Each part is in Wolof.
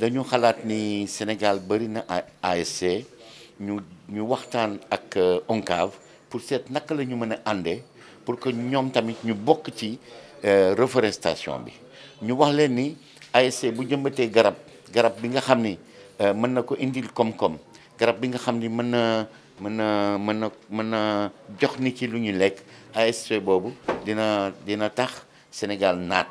dañu xalaat ni Sénégal bëri na ASC ñu ñu waxtaan ak euh, ONCAV pour set naka la ñu mën a àndee pour que ñoom tamit ñu bokk ci euh, reforestation bi ñu wax leen ni ASC bu jëmbatee garab garab bi nga xam ni euh, mën na ko indil koom garab bi nga xam ni mën na mën na mën na mën na jox nit ci lu ñu lekk ASC boobu dina dina tax Sénégal naat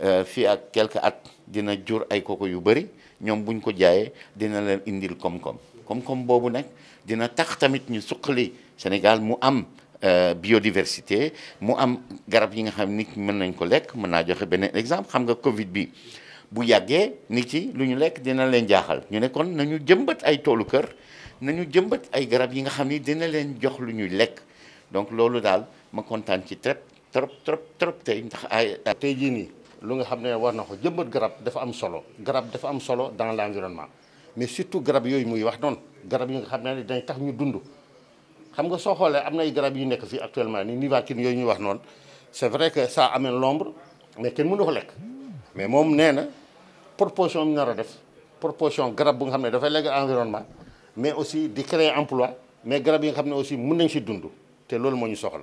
Euh, fii ak quelque at dina jur ay koko yu bëri ñoom buñ ko jaayee dina leen indil koom-koom koom boobu nag dina tax tamit ñu suqali Sénégal mu am euh, biodiversité mu am garab yi nga xam nit mën nañ ko lekk mën naa joxe beneen exemple xam nga Covid bi bu yàggee nit yi lu ñu lekk dina leen jaaxal ñu ne kon nañu jëmbat ay toolu kër nañu jëmbat ay garab yi nga xam ni dina leen jox lu ñuy lekk donc loolu daal ma kontaan ci trop trop trop trop tey ndax ay tey jii nii lu nga xam war na ko jëmbat garab dafa am solo garab dafa am solo dans l'environnement mais surtout grappe yoy muy wax non grappe yi nga xamné dañ tax ñu dund xam nga so xolé am na ay garab yu nekk fii actuellement ni nivaquine yoy ñu wax non c'est vrai que ça amène l'ombre mais kenn mënu ko lek mais mom néna proportion bi nar def proportion grappe bu nga xamné ne dafay lekk environnement mais aussi di créer emploi mais grappe yi nga xamné aussi mën nañ si dund te loolu moo ñu soxal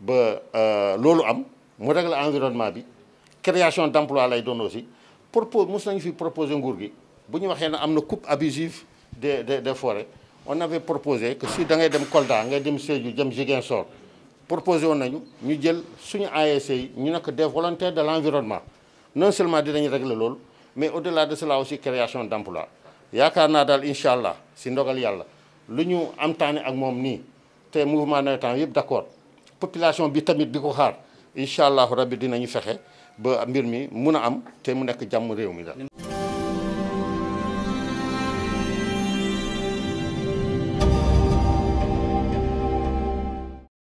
ba euh, loolu am mu régler environnement bi création d'emploi lay doon aussi propos mos nañu fi proposer nguur gi bu ñu waxee ne am na coupe abusive de des des forêts on avait proposé que si da ngay dem Kolda ngay dem Sédhiou jëm Ziguinchor proposé woon nañu ñu jël suñu ASC yi ñu nekk des volontaires de l'environnement non seulement dinañu régler loolu mais au-delà de de cela aussi création d'emploi yaakaar naa daal incha allah si ndogal yàlla lu ñu am taane ak moom nii te mouvement nawetaan yëpp d'accord population bi tamit di ko xaar incha allahu rabbi dinañu fexe ba mbir mi mun a am te mu nekk jàmm réew mi daal